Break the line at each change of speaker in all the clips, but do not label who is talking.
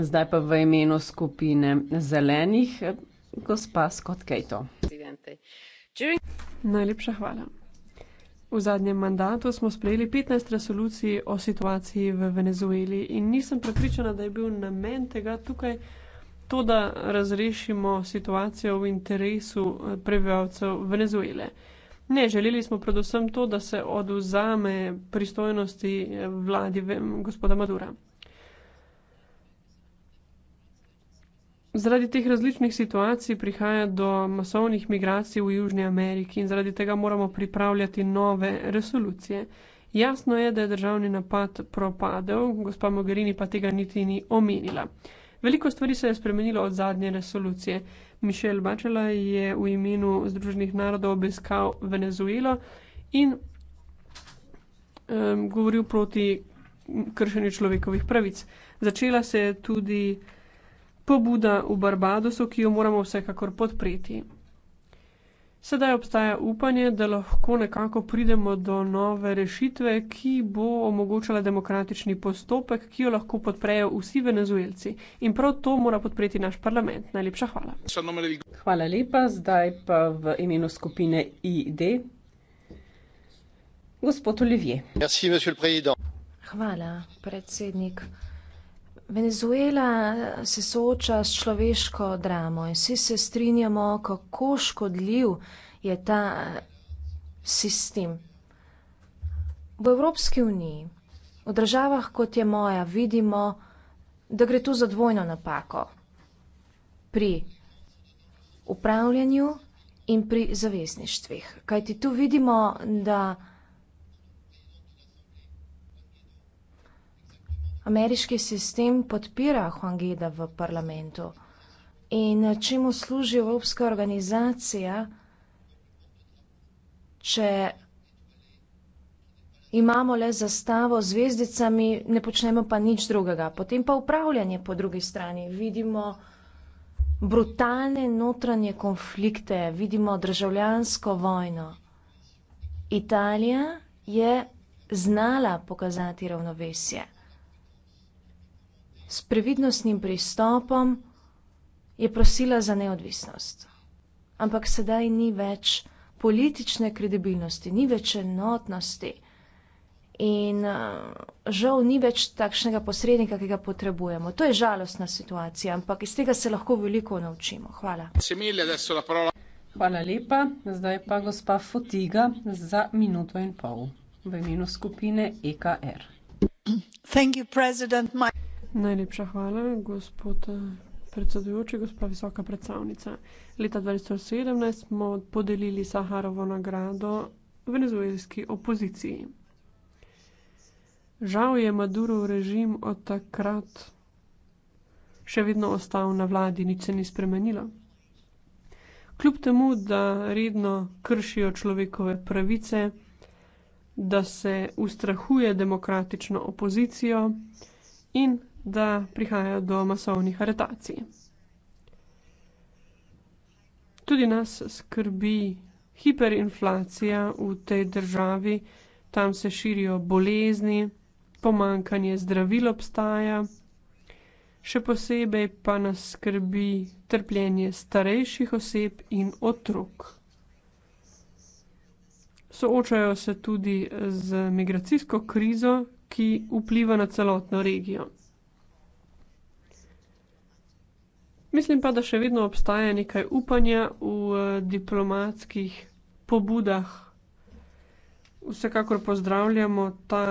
Zdaj pa v imenu skupine zelenih, gospa Scott Cato.
Najlepša hvala. V zadnjem mandatu smo sprejeli 15 resolucij o situaciji v Venezueli in nisem prepričana, da je bil namen tega tukaj to, da razrešimo situacijo v interesu prebivalcev Venezuele. Ne, želeli smo predvsem to, da se oduzame pristojnosti vladi gospoda Madura. zaradi teh različnih situacij prihaja do masovnih migracij v Južni Ameriki in zaradi tega moramo pripravljati nove resolucije. Jasno je, da je državni napad propadel, gospa Mogherini pa tega niti ni omenila. Veliko stvari se je spremenilo od zadnje resolucije. Mišel Bačela je v imenu Združenih narodov obiskal Venezuelo in um, govoril proti kršenju človekovih pravic. Začela se je tudi pobuda v Barbadosu, ki jo moramo vsekakor podpreti. Sedaj obstaja upanje, da lahko nekako pridemo do nove rešitve, ki bo omogočala demokratični postopek, ki jo lahko podprejo vsi venezuelci. In prav to mora podpreti naš parlament. Najlepša hvala. Hvala lepa, zdaj pa
v imenu skupine ID. Gospod Olivier. Merci,
hvala, predsednik. Venezuela se sooča s človeško dramo in vsi se strinjamo, kako škodljiv je ta sistem. V Evropski uniji, v državah kot je moja, vidimo, da gre tu za dvojno napako. Pri upravljanju in pri zavezništvih. Kajti tu vidimo, da ameriški sistem podpira Huangeda v parlamentu in čemu služi Evropska organizacija, če imamo le zastavo z zvezdicami, ne počnemo pa nič drugega. Potem pa upravljanje po drugi strani. Vidimo brutalne notranje konflikte, vidimo državljansko vojno. Italija je znala pokazati ravnovesje s previdnostnim pristopom je prosila za neodvisnost. Ampak sedaj ni več politične kredibilnosti, ni več enotnosti in eh, žal ni več takšnega posrednika, ki ga potrebujemo. To je žalostna situacija, ampak iz tega se lahko veliko naučimo. Hvala. Hvala lepa. Zdaj pa gospa Fotiga za minuto in pol v imenu
skupine EKR. Er. Thank you, President. My...
Najlepša hvala, gospod eh, predsedujoči, gospa visoka predstavnica. Leta dva tisoč sedemnajst smo podelili Saharovo nagrado venezuelski opoziciji. Žal je Madurov režim od takrat še vedno ostal na vladi, nič se ni spremenilo. Kljub temu, da redno kršijo človekove pravice, da se ustrahuje demokratično opozicijo in da prihaja do masovnih aretacij. Tudi nas skrbi hiperinflacija v tej državi, tam se širijo bolezni, pomankanje zdravil obstaja, še posebej pa nas skrbi trpljenje starejših oseb in otrok. Soočajo se tudi z migracijsko krizo, ki vpliva na celotno regijo. Mislim pa, da še vedno obstaja nekaj upanja v uh, diplomatskih pobudah. Vsekakor pozdravljamo ta,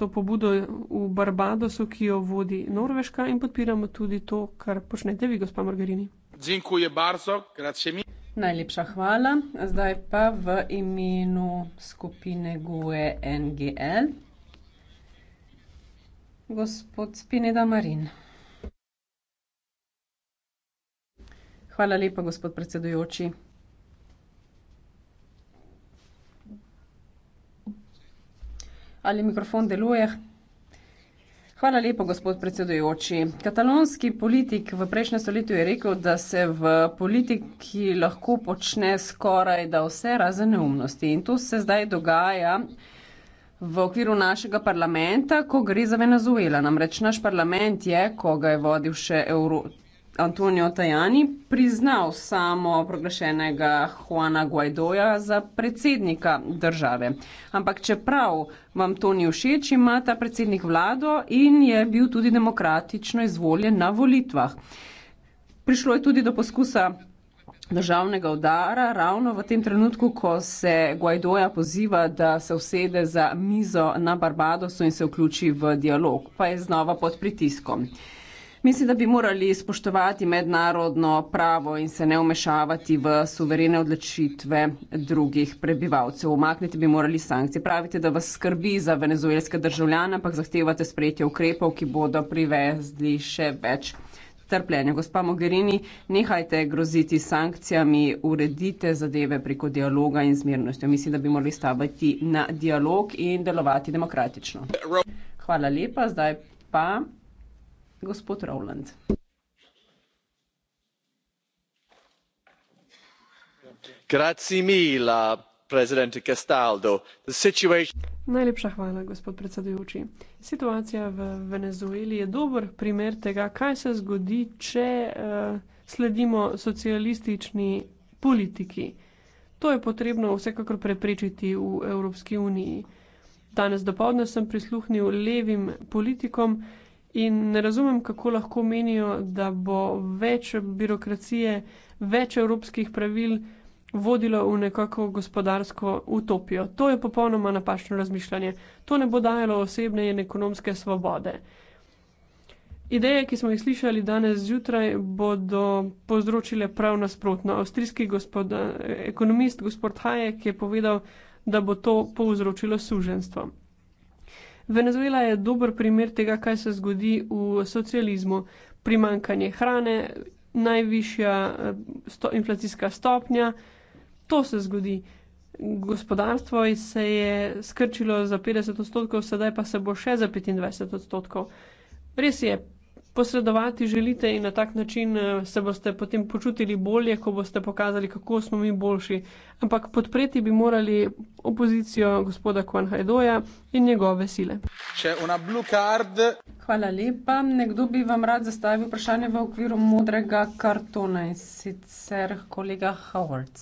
to pobudo v Barbadosu, ki jo vodi Norveška in podpiramo tudi
to, kar počnete vi, gospa Margarini.
Dziękuję bardzo, grazie mi.
Najlepša hvala. Zdaj pa v imenu skupine GUE NGL. Gospod Spineda Marin. Hvala lepa, gospod predsedujoči. Ali mikrofon deluje? Hvala lepa, gospod predsedujoči. Katalonski politik v prejšnjem stoletju je rekel, da se v politiki lahko počne skoraj da vse razen neumnosti. In to se zdaj dogaja v okviru našega parlamenta, ko gre za Venezuela. Namreč naš parlament je, ko ga je vodil še Evropa. Antonijo Tajani priznal samo proglašenega Juana Guaidoja za predsednika države. Ampak čeprav vam to ni všeč, ima ta predsednik vlado in je bil tudi demokratično izvoljen na volitvah. Prišlo je tudi do poskusa državnega udara, ravno v tem trenutku, ko se Guaidoja poziva, da se usede za mizo na Barbadosu in se vključi v dialog, pa je znova pod pritiskom. Mislim, da bi morali spoštovati mednarodno pravo in se ne omešavati v suverene odločitve drugih prebivalcev. Omakniti bi morali sankcije. Pravite, da vas skrbi za venezuelske državljane, ampak zahtevate sprejetje ukrepov, ki bodo privezli še več. Trpljenje. Gospa Mogherini, nehajte groziti sankcijami, uredite zadeve preko dialoga in zmirnosti. Mislim, da bi morali stavati na dialog in delovati demokratično. Hvala lepa, zdaj pa gospod Rowland.
Najlepša hvala, gospod predsedujoči. Situacija v Venezueli je dober primer tega, kaj se zgodi, če uh, sledimo socialistični politiki. To je potrebno vsekakor preprečiti v Evropski uniji. Danes dopoledne sem prisluhnil levim politikom, In ne razumem, kako lahko menijo, da bo več birokracije, več evropskih pravil vodilo v nekako gospodarsko utopijo. To je popolnoma napačno razmišljanje. To ne bo dajalo osebne in ekonomske svobode. Ideje, ki smo jih slišali danes zjutraj, bodo povzročile prav nasprotno. Avstrijski gospod, ekonomist gospod Hajek je povedal, da bo to povzročilo suženstvo. Venezuela je dober primer tega, kaj se zgodi v socializmu. Primankanje hrane, najvišja eh, sto, inflacijska stopnja, to se zgodi. Gospodarstvo se je skrčilo za 50 odstotkov, sedaj pa se bo še za 25 odstotkov. Res je, posredovati želite in na tak način eh, se boste potem počutili bolje, ko boste pokazali, kako smo mi boljši. Ampak podpreti bi morali opozicijo gospoda Kwan Hajdoja in njegove
sile.
Če ona blue card.
Hvala lepa. Nekdo bi vam rad zastavil vprašanje v okviru modrega kartona in sicer kolega Howard.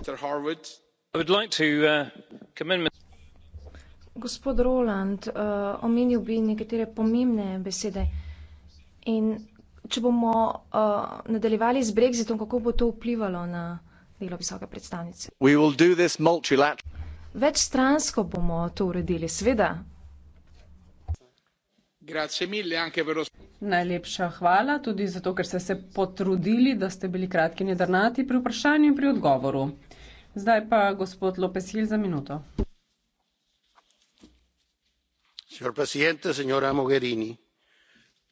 Mr. Harwood. I would like to uh, commend Mr. Gospod Roland, uh, omenil bi nekatere pomembne besede. In če bomo uh, nadaljevali z brexitom, kako bo to vplivalo na delo visoke predstavnice? Večstransko bomo to uredili, seveda.
Najlepša hvala tudi zato, ker ste se potrudili, da ste bili kratki in jedrnati pri vprašanju in pri odgovoru. Zdaj pa gospod Lopez Hil za minuto
señor presidente señora mogherini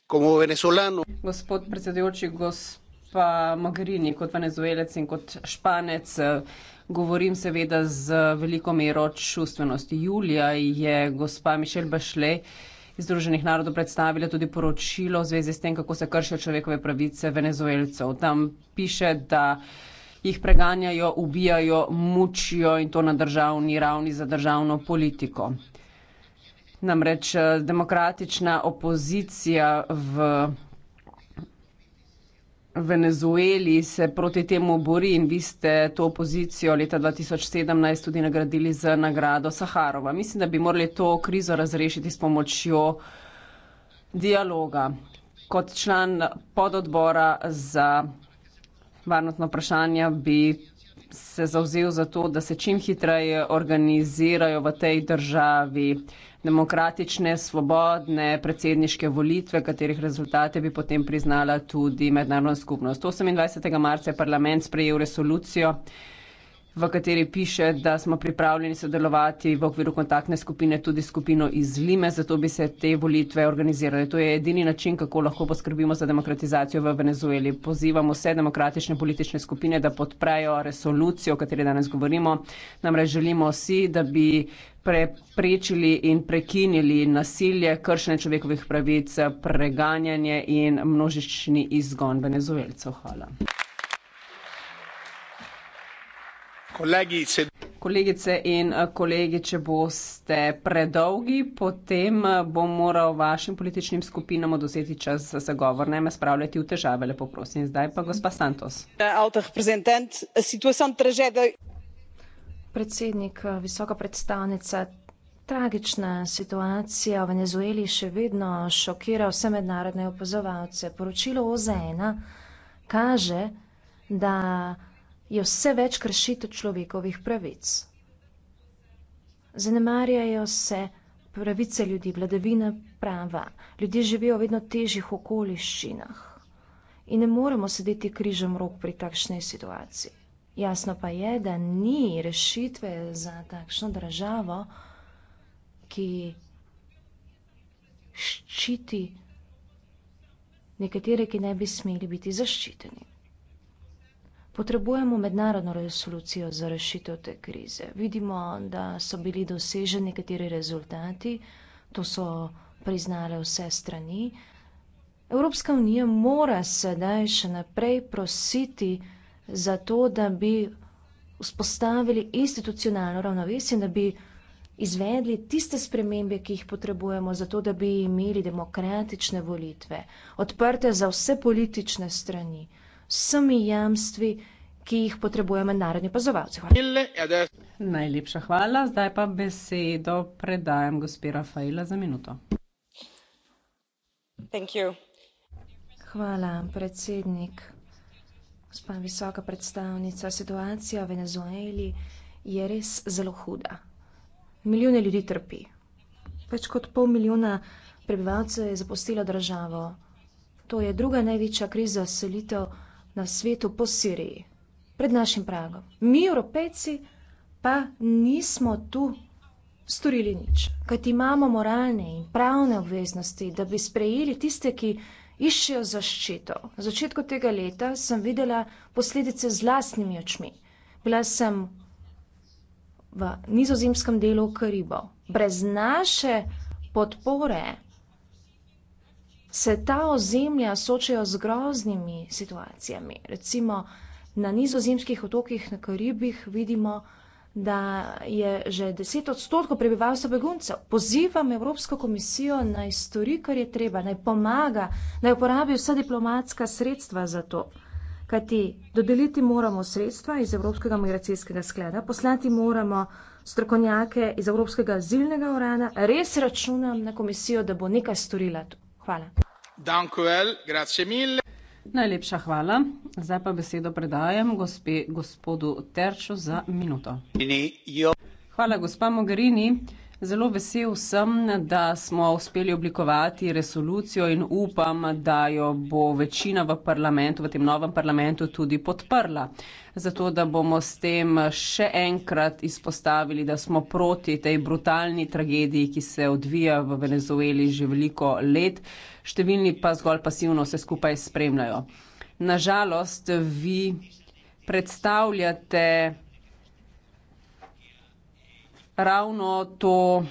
como venezolano gospod predsedujoči gospa mogherini kot venezuelec in kot španec govorim seveda z veliko mero čustvenosti julija je gospa Mišel Bašlej Združenih narodov predstavila tudi poročilo v zvezi s tem, kako se kršijo človekove pravice venezuelcev. Tam piše, da jih preganjajo, ubijajo, mučijo in to na državni ravni za državno politiko. Namreč eh, demokratična opozicija v Venezueli se proti temu bori in vi ste to opozicijo leta 2017 tudi nagradili z nagrado Saharova. Mislim, da bi morali to krizo razrešiti s pomočjo dialoga. Kot član pododbora za varnostno vprašanje bi se zauzel za to, da se čim hitreje organizirajo v tej državi demokratične, svobodne predsedniške volitve, katerih rezultate bi potem priznala tudi mednarodna skupnost. 28. marca je parlament sprejel resolucijo v kateri piše, da smo pripravljeni sodelovati v okviru kontaktne skupine tudi skupino iz Lime, zato bi se te volitve organizirale. To je edini način, kako lahko poskrbimo za demokratizacijo v Venezueli. Pozivamo vse demokratične politične skupine, da podprejo resolucijo, o kateri danes govorimo. Namreč želimo vsi, da bi preprečili in prekinili nasilje, kršene človekovih pravic, preganjanje in množični izgon venezuelcev. Hvala.
Kolegice
in eh, kolegi, če boste predolgi, potem eh, bom moral vašim političnim skupinam oduzeti čas za zagovor. Ne me spravljati v težave, lepo prosim. Zdaj pa gospa Santos.
Eh, Predsednik, visoka predstavnica, tragična situacija v Venezueli še vedno šokira vse mednarodne opazovalce. Poročilo OZN kaže, da je vse več kršitev človekovih pravic. Zanemarjajo se pravice ljudi, vladavina prava. Ljudje živijo v vedno težjih okoliščinah in ne moremo sedeti križem rok pri takšni situaciji. Jasno pa je, da ni rešitve za takšno državo, ki ščiti nekatere, ki ne bi smeli biti zaščiteni. Potrebujemo mednarodno resolucijo za rešitev te krize. Vidimo, da so bili doseženi nekateri rezultati, to so priznale vse strani. Evropska unija mora sedaj še naprej prositi za to, da bi vzpostavili institucionalno ravnovesje in da bi izvedli tiste spremembe, ki jih potrebujemo za to, da bi imeli demokratične volitve, odprte za vse politične strani vsemi jamstvi, ki jih potrebujejo mednarodni pozovalci.
E Najlepša hvala, zdaj pa besedo predajam gospe Rafaela za minuto.
Hvala, predsednik. Gospa visoka predstavnica, situacija v Venezueli je res zelo huda. Milijone ljudi trpi. Več kot pol milijona prebivalcev je zapustilo državo. To je druga največja kriza selitev na svetu po Siriji, pred našim pragom. Mi, evropejci, pa nismo tu storili nič, kajti imamo moralne in pravne obveznosti, da bi sprejeli tiste, ki iščejo zaščito. Na začetku tega leta sem videla posledice z lastnimi očmi. Bila sem v nizozemskem delu Karibov. Brez naše podpore se ta ozemlja soočajo z groznimi situacijami. Recimo na nizozemskih otokih na Karibih vidimo, da je že 10 odstotkov prebivalstva beguncev. Pozivam Evropsko komisijo naj stori, kar je treba, naj pomaga, naj uporabi vsa diplomatska sredstva za to. Kajti dodeliti moramo sredstva iz Evropskega migracijskega skleda, poslati moramo strokovnjake iz Evropskega azilnega urada. Res računam na komisijo, da bo nekaj storila tu. Hvala. Najlepša hvala. Zdaj pa besedo predajam gospe,
gospodu Terču za minuto. Hvala, gospa Mogherini. Zelo vesel sem, da smo uspeli oblikovati resolucijo in upam, da jo bo večina v parlamentu, v tem novem parlamentu tudi podprla. Zato, da bomo s tem še enkrat izpostavili, da smo proti tej brutalni tragediji, ki se odvija v Venezueli že veliko let, številni pa zgolj pasivno vse skupaj spremljajo. Nažalost, vi predstavljate ravno to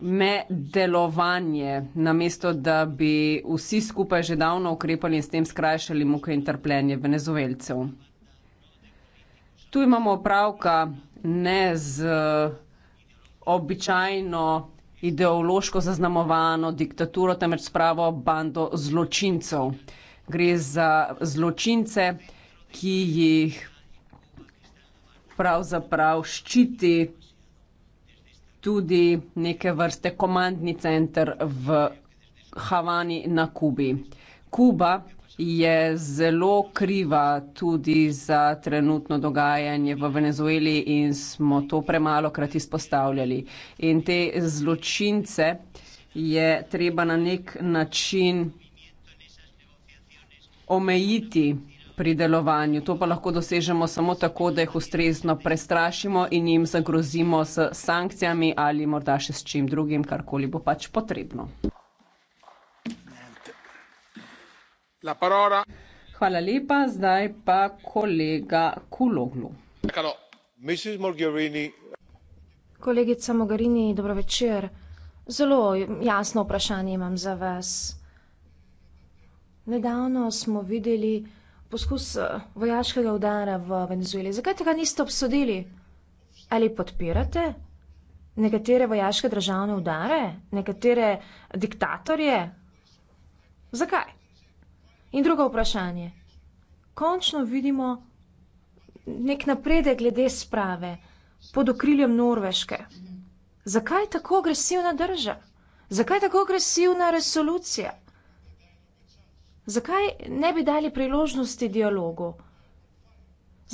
me delovanje, namesto da bi vsi skupaj že davno ukrepali in s tem skrajšali muke in trpljenje venezuelcev. Tu imamo opravka ne z običajno ideološko zaznamovano diktaturo, temveč s pravo bando zločincev. Gre za zločince, ki jih pravzaprav ščiti tudi neke vrste komandni center v Havani na Kubi. Kuba je zelo kriva tudi za trenutno dogajanje v Venezueli in smo to premalo krat izpostavljali. In te zločince je treba na nek način omejiti pri delovanju. To pa lahko dosežemo samo tako, da jih ustrezno prestrašimo in jim zagrozimo s sankcijami ali morda še s čim drugim, karkoli bo pač potrebno. Hvala lepa, zdaj pa kolega Kuloglu.
Kolegica Mogarini, dobro večer. Zelo jasno vprašanje imam za vas. Nedavno smo videli, poskus eh, vojaškega udara v Venezueli. Zakaj tega niste obsodili? Ali podpirate nekatere vojaške državne udare, nekatere diktatorje? Zakaj? In drugo vprašanje. Končno vidimo nek napredek glede sprave pod okriljem Norveške. Zakaj tako agresivna drža? Zakaj tako agresivna resolucija? Zakaj ne bi dali priložnosti dialogu?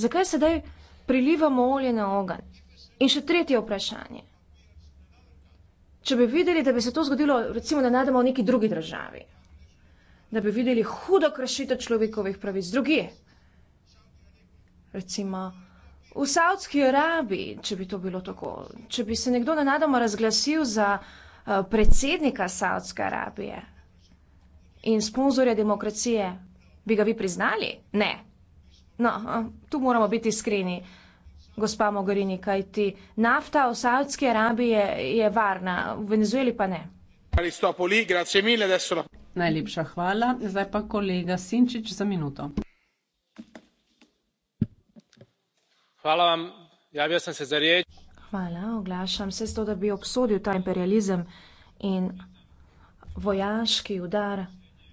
Zakaj sedaj prilivamo olje na ogen? In še tretje vprašanje. Če bi videli, da bi se to zgodilo, recimo, da najdemo v neki drugi državi, da bi videli hudo kršitev človekovih pravic druge, recimo v Saudski Arabiji, če bi to bilo tako, če bi se nekdo na najdemo razglasil za eh, predsednika Saudske Arabije, in sponzorja demokracije, bi ga vi priznali? Ne. No, eh, tu moramo biti iskreni, gospa Mogorini, kajti nafta v Saudski Arabiji je, je varna, v Venezueli pa ne. Najlepša hvala.
Zdaj pa kolega Sinčič za minuto.
Hvala vam. Javil sem se za reč. Hvala. Oglašam se s to, da bi obsodil ta imperializem in vojaški udar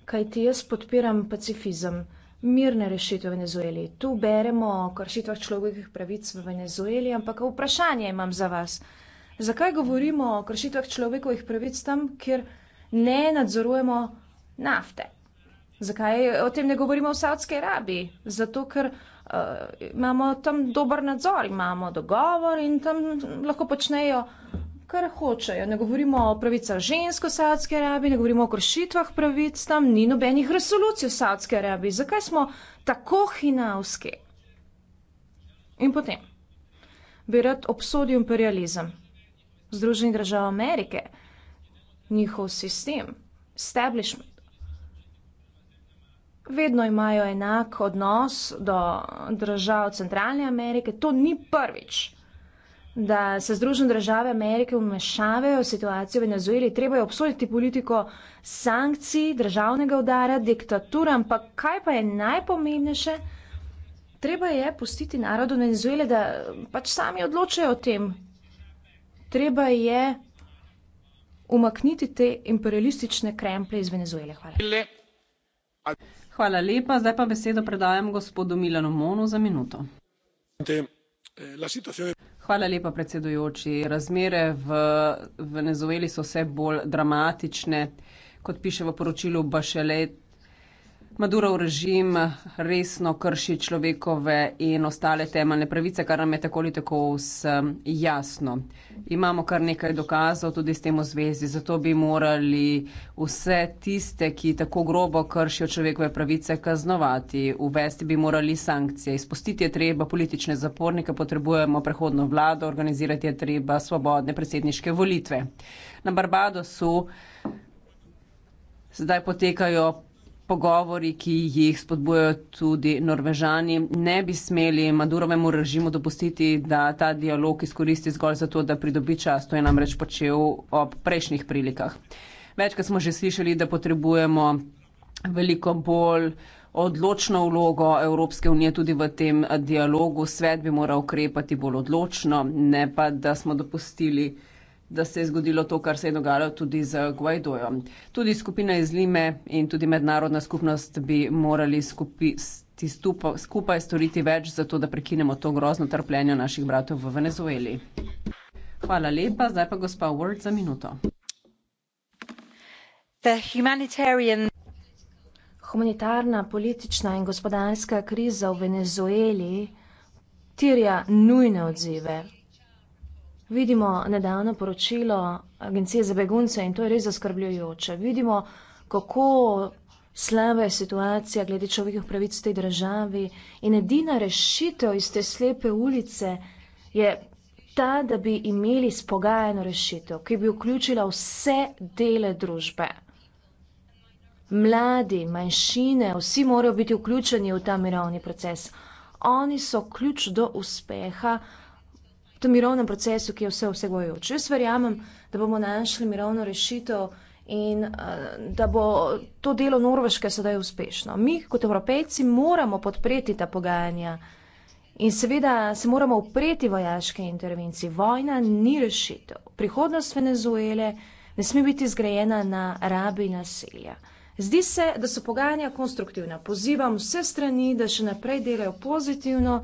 kajti jaz podpiram pacifizem, mirne rešitve v Venezueli. Tu beremo o kršitvah človekovih pravic v Venezueli, ampak vprašanje imam za vas. Zakaj govorimo o kršitvah človekovih pravic tam, kjer ne nadzorujemo nafte? Zakaj o tem ne govorimo v Saudski Arabiji? Zato, ker uh, imamo tam dober nadzor, imamo dogovor in tam lahko počnejo, kar hočejo. Ne govorimo o pravicah žensk v Saudski Arabiji, ne govorimo o kršitvah pravic, tam ni nobenih resolucij v Saudski Arabiji. Zakaj smo tako hinavski? In potem bi rad obsodil imperializem Združenih držav Amerike, njihov sistem, establishment. Vedno imajo enak odnos do držav Centralne Amerike, to ni prvič da se Združene države Amerike vmešavajo v situacijo v Venezueli, treba je obsojiti politiko sankcij, državnega udara, diktature, ampak kaj pa je najpomembnejše, treba je pustiti narodu Venezuele, da pač sami odločajo o tem. Treba je umakniti te imperialistične kremple iz Venezuele.
Hvala. Hvala lepa. Zdaj pa besedo predajam gospodu Milanu Monu za minuto. Eh, Hvala lepa, predsedujoči. Razmere v Venezueli so vse bolj dramatične. Kot piše v poročilu Bašelet, Madurov režim resno krši človekove in ostale temeljne pravice, kar nam je tako ali tako vsem jasno. Imamo kar nekaj dokazov tudi s tem v zvezi, zato bi morali vse tiste, ki tako grobo kršijo človekove pravice, kaznovati. Uvesti bi morali sankcije. Izpustiti je treba politične zapornike, potrebujemo prehodno vlado, organizirati je treba svobodne predsedniške volitve. Na Barbadosu zdaj potekajo pogovori, ki jih spodbujajo tudi norvežani, ne bi smeli Madurovemu režimu dopustiti, da ta dialog izkoristi zgolj zato, da pridobi čas. To je namreč počel ob prejšnjih prilikah. Večkrat smo že slišali, da potrebujemo veliko bolj odločno vlogo Evropske unije tudi v tem dialogu. Svet bi moral ukrepati bolj odločno, ne pa da smo dopustili da se je zgodilo to, kar se je dogajalo tudi z Guaidojo. Tudi skupina iz Lime in tudi mednarodna skupnost bi morali skupi, stupo, skupaj storiti več za to, da prekinemo to grozno trpljenje naših bratov v Venezueli. Hvala lepa, zdaj pa gospa Word za minuto.
Humanitarna, politična in gospodarska kriza v Venezueli terja nujne odzive, Vidimo nedavno poročilo Agencije za begunce in to je res zaskrbljujoče. Vidimo, kako slaba je situacija glede človekovih pravic v tej državi in edina rešitev iz te slepe ulice je ta, da bi imeli spogajeno rešitev, ki bi vključila vse dele družbe. Mladi, manjšine, vsi morajo biti vključeni v ta mirovni proces. Oni so ključ do uspeha v tem mirovnem procesu, ki je vse vsegojoč. Jaz verjamem, da bomo našli mirovno rešitev in eh, da bo to delo Norveške sedaj uspešno. Mi kot evropejci moramo podpreti ta pogajanja in seveda se moramo upreti vojaške intervencije. Vojna ni rešitev. Prihodnost Venezuele ne sme biti zgrajena na rabi naselja. Zdi se, da so pogajanja konstruktivna. Pozivam vse strani, da še naprej delajo pozitivno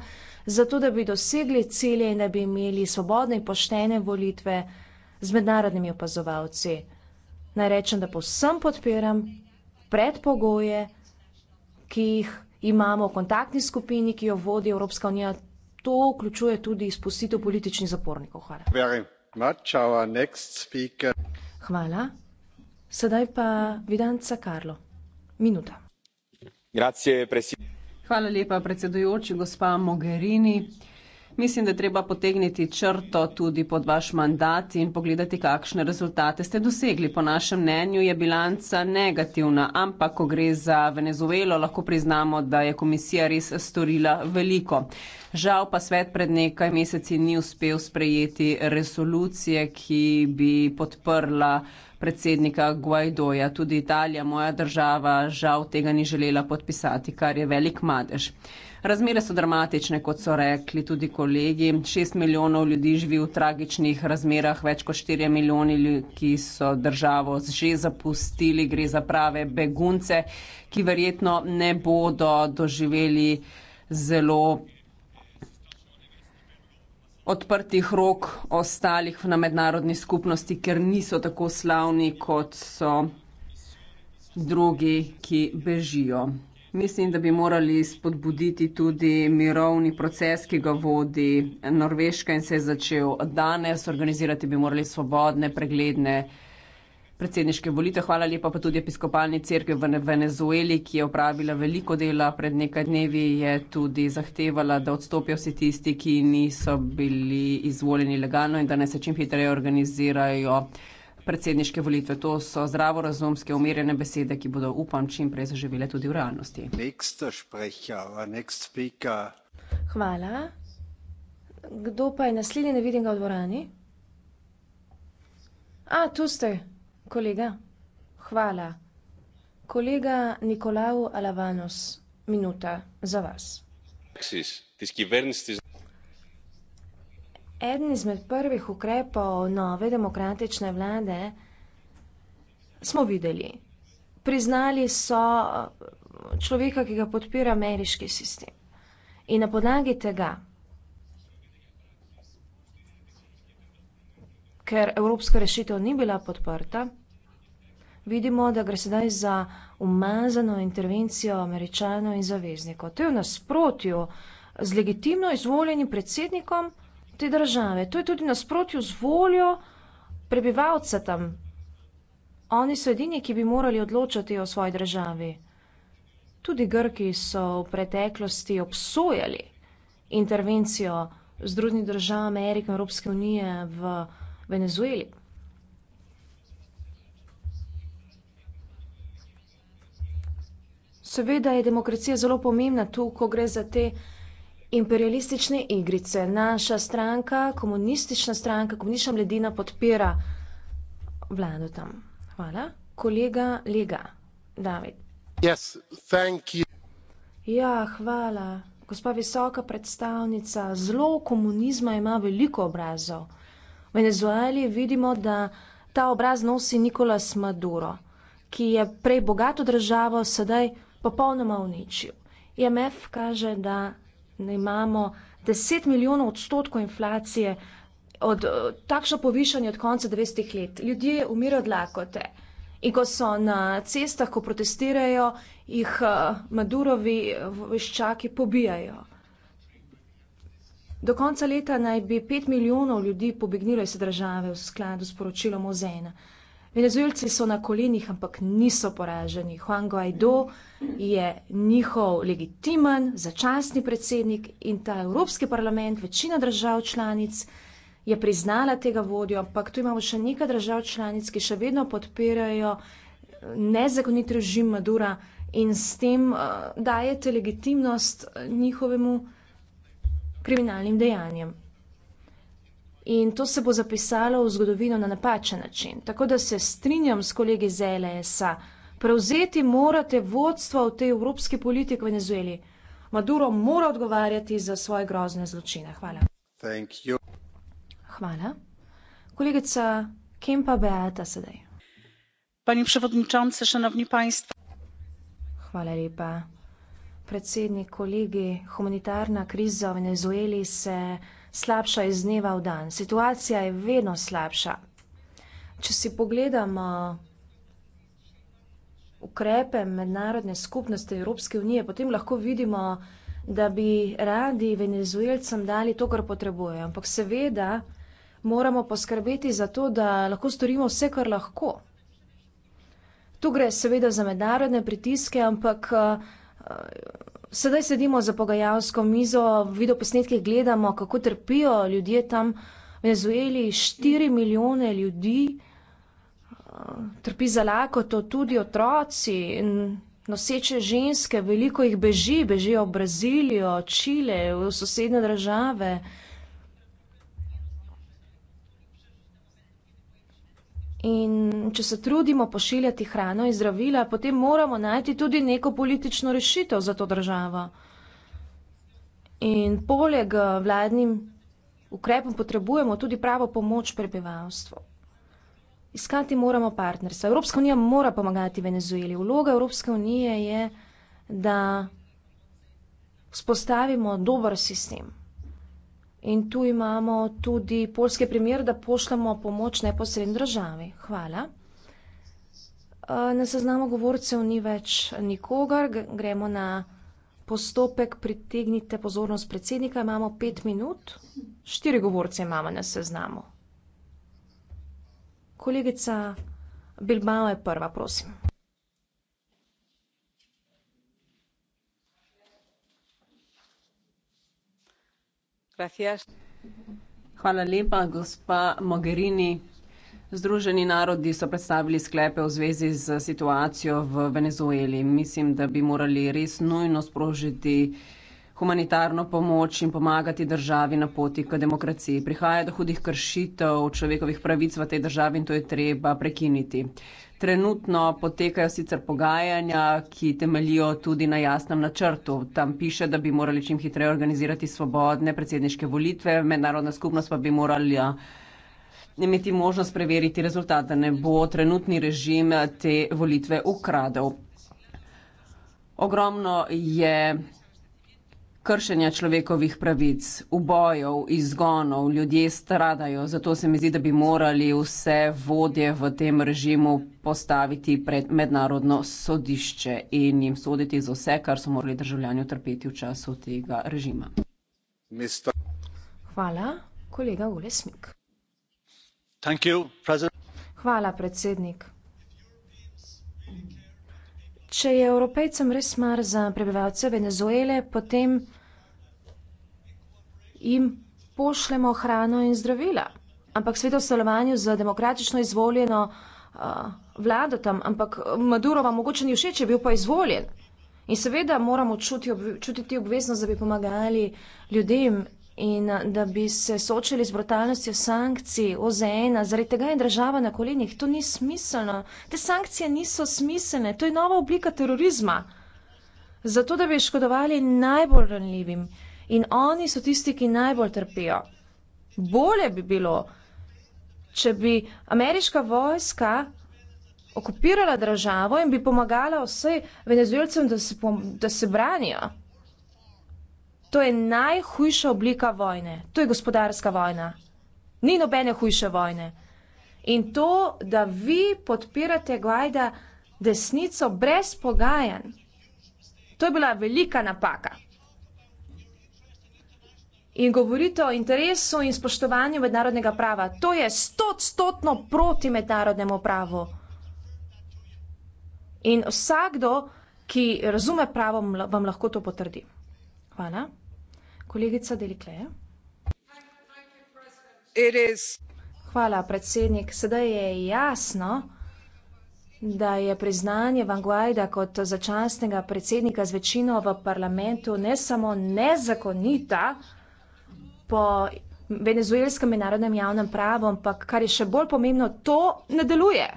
zato da bi dosegli cilje in da bi imeli svobodne in poštene volitve z mednarodnimi opazovalci. Naj rečem, da povsem podpiram predpogoje, ki jih imamo v kontaktni skupini, ki jo vodi Evropska unija. To vključuje tudi izpustitev političnih zapornikov.
Hvala.
Hvala. Sedaj pa Vidanca Karlo. Minuta.
Grazie, presidente.
Hvala lepa, predsedujoči, gospa Mogherini.
Mislim, da treba potegniti črto tudi pod vaš mandat in pogledati, kakšne rezultate ste dosegli. Po našem mnenju je bilanca negativna, ampak ko gre za Venezuelo, lahko priznamo, da je komisija res storila veliko. Žal pa svet pred nekaj meseci ni uspel sprejeti resolucije, ki bi podprla predsednika Guaidoja. Tudi Italija, moja država, žal tega ni želela podpisati, kar je velik madež. Razmere so dramatične, kot so rekli tudi kolegi. Šest milijonov ljudi živi v tragičnih razmerah, več kot štirje milijoni ljudi, ki so državo že zapustili, gre za prave begunce, ki verjetno ne bodo doživeli zelo odprtih rok ostalih na mednarodni skupnosti, ker niso tako slavni, kot so drugi, ki bežijo. Mislim, da bi morali spodbuditi tudi mirovni proces, ki ga vodi Norveška in se je začel danes. Organizirati bi morali svobodne, pregledne predsedniške volitve. Hvala lepa pa tudi episkopalni cerkvi v Venezueli, ki je opravila veliko dela. Pred nekaj dnevi je tudi zahtevala, da odstopijo vsi tisti, ki niso bili izvoljeni legalno in da naj se čim hitreje organizirajo predsedniške volitve. To so zdravorazumske umirjene besede, ki bodo, upam, čim prej zaživele tudi v realnosti.
Hvala. Kdo pa je naslednji, ne vidim ga v dvorani? A, tu ste. Kolega, hvala. Kolega Nikolau Alavanos, minuta za vas. Eden izmed prvih ukrepov nove demokratične vlade smo videli. Priznali so uh, človeka, ki ga podpira ameriški sistem. In na podlagi tega, ker evropska rešitev ni bila podprta, vidimo, da gre sedaj za umazano intervencijo američanov in zaveznikov. To je v nasprotju z legitimno izvoljenim predsednikom te države. To je tudi nasprotju z voljo prebivalca tam. Oni so edini, ki bi morali odločati o svoji državi. Tudi Grki so v preteklosti obsojali intervencijo Združenih držav Amerike in Evropske unije v Venezueli. Seveda je demokracija zelo pomembna tu, ko gre za te imperialistične igrice. Naša stranka, komunistična stranka, komunistična mladina podpira vlado tam. Hvala. Kolega Lega, David.
Yes, thank you.
Ja, hvala. Gospa visoka predstavnica, zelo komunizma ima veliko obrazov. V Venezueli vidimo, da ta obraz nosi Nikolas Maduro, ki je prej bogato državo, sedaj popolnoma uničil. IMF kaže, da imamo 10 milijonov odstotkov inflacije, od, takšno povišanje od konca 90 let. Ljudje umirajo od lakote. In ko so na cestah, ko protestirajo, jih eh, Madurovi veščaki pobijajo. Do konca leta naj bi 5 milijonov ljudi pobegnilo iz države v skladu s poročilom Ozena. Venezuelci so na kolenih, ampak niso poraženi. Juan Guaido je njihov legitimen, začasni predsednik in ta Evropski parlament, večina držav članic je priznala tega vodjo, ampak tu imamo še nekaj držav članic, ki še vedno podpirajo eh, nezakonit režim Madura in s tem uh, dajete legitimnost eh, njihovemu kriminalnim dejanjem. In to se bo zapisalo v zgodovino na napačen način. Tako da se strinjam s kolegi iz LSA. Prevzeti morate vodstvo v tej evropski politiki v Venezueli. Maduro mora odgovarjati za svoje grozne zločine. Hvala. Hvala. Kolegica Kempa Beata sedaj. Pani predsedujoča, šanovni państwo. Hvala lepa. Predsednik, kolegi, humanitarna kriza v Venezueli se slabša iz dneva v dan. Situacija je vedno slabša. Če si pogledamo ukrepe mednarodne skupnosti Evropske unije, potem lahko vidimo, da bi radi venezuelcem dali to, kar potrebujejo. Ampak seveda moramo poskrbeti za to, da lahko storimo vse, kar lahko. Tu gre seveda za mednarodne pritiske, ampak. Uh, Sedaj sedimo za pogajalsko mizo, video posnetke gledamo, kako trpijo ljudje tam v Venezueli, štiri milijone ljudi, eh, trpi za lakoto tudi otroci in noseče ženske, veliko jih beži, bežijo v Brazilijo, Čile, v sosednje države. In če se trudimo pošiljati hrano in zdravila, potem moramo najti tudi neko politično rešitev za to državo. In poleg eh, vladnim ukrepom potrebujemo tudi pravo pomoč prebivalstvu. Iskati moramo partnerstva. Evropska unija mora pomagati Venezueli. Vloga Evropske unije je, da spostavimo dober sistem. In tu imamo tudi polski primer, da pošljemo pomoč neposredni državi. Hvala. Eh, na seznamu govorcev ni več nikogar, gremo na postopek, pritegnite pozornost predsednika, imamo pet minut, štiri govorce imamo na seznamu. Kolegica Bilbao je prva, prosim.
Hvala lepa, gospa Mogherini. Združeni narodi so predstavili sklepe v zvezi z situacijo v Venezueli. Mislim, da bi morali res nujno sprožiti humanitarno pomoč in pomagati državi na poti k demokraciji. Prihaja do hudih kršitev človekovih pravic v tej državi in to je treba prekiniti. Trenutno potekajo sicer pogajanja, ki temeljijo tudi na jasnem načrtu. Tam piše, da bi morali čim hitreje organizirati svobodne predsedniške volitve, mednarodna skupnost pa bi morala imeti možnost preveriti rezultat, da ne bo trenutni režim te volitve ukradel. Ogromno je kršenja človekovih pravic, ubojov, izgonov, ljudje stradajo. Zato se mi zdi, da bi morali vse vodje v tem režimu postaviti pred mednarodno sodišče in jim soditi za vse, kar so morali državljani utrpeti v času tega režima.
Hvala, kolega Ule Smik. Hvala, predsednik. Če je evropejcem res mar za prebivalce Venezuele, potem jim pošljemo hrano in zdravila. Ampak svet v sodelovanju z demokratično izvoljeno uh, vlado tam, ampak Maduro vam mogoče ni všeč, je bil pa izvoljen. In seveda moramo čuti, ob, čutiti obveznost, da bi pomagali ljudem in eh, da bi se soočili z brutalnostjo sankcij OZN-a, zaradi tega je država na kolenih. To ni smiselno. Te sankcije niso smiselne. To je nova oblika terorizma. Zato, da bi škodovali najbolj ranljivim. In oni so tisti, ki najbolj trpijo. Bolje bi bilo, če bi ameriška vojska okupirala državo in bi pomagala vsej venezuelcem, da se, da se branijo. To je najhujša oblika vojne, to je gospodarska vojna. Ni nobene hujše vojne. In to, da vi podpirate Gvajda desnico brez pogajanj, to je bila velika napaka. In govorite o interesu in spoštovanju mednarodnega prava, to je stotstotno proti mednarodnemu pravu. In vsakdo, ki razume pravo, vam lahko to potrdi. Hvala kolegica Delicleje. Hvala, predsednik. Sedaj je jasno, da je priznanje Van Guaida kot začasnega predsednika z večino v parlamentu ne samo nezakonita po venezuelskem mednarodnem javnem pravu, ampak kar je še bolj pomembno, to ne deluje.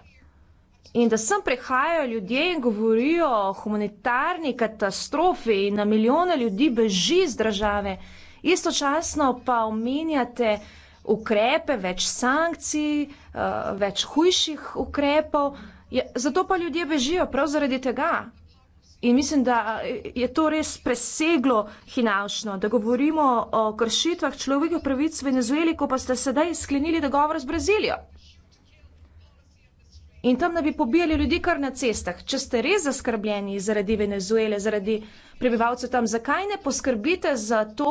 In da sem prihajajo ljudje in govorijo o humanitarni katastrofi in na milijone ljudi beži z države, istočasno pa omenjate ukrepe, več sankcij, eh, več hujših ukrepov. Ja, zato pa ljudje bežijo prav zaradi tega. In mislim, da eh, je to res preseglo hinavšno, da govorimo o kršitvah človekovih pravic v Venezueli, ko pa ste sedaj sklenili dogovor z Brazilijo in tam naj bi pobijali ljudi kar na cestah. Če ste res zaskrbljeni zaradi Venezuele, zaradi prebivalcev tam, zakaj ne poskrbite za to,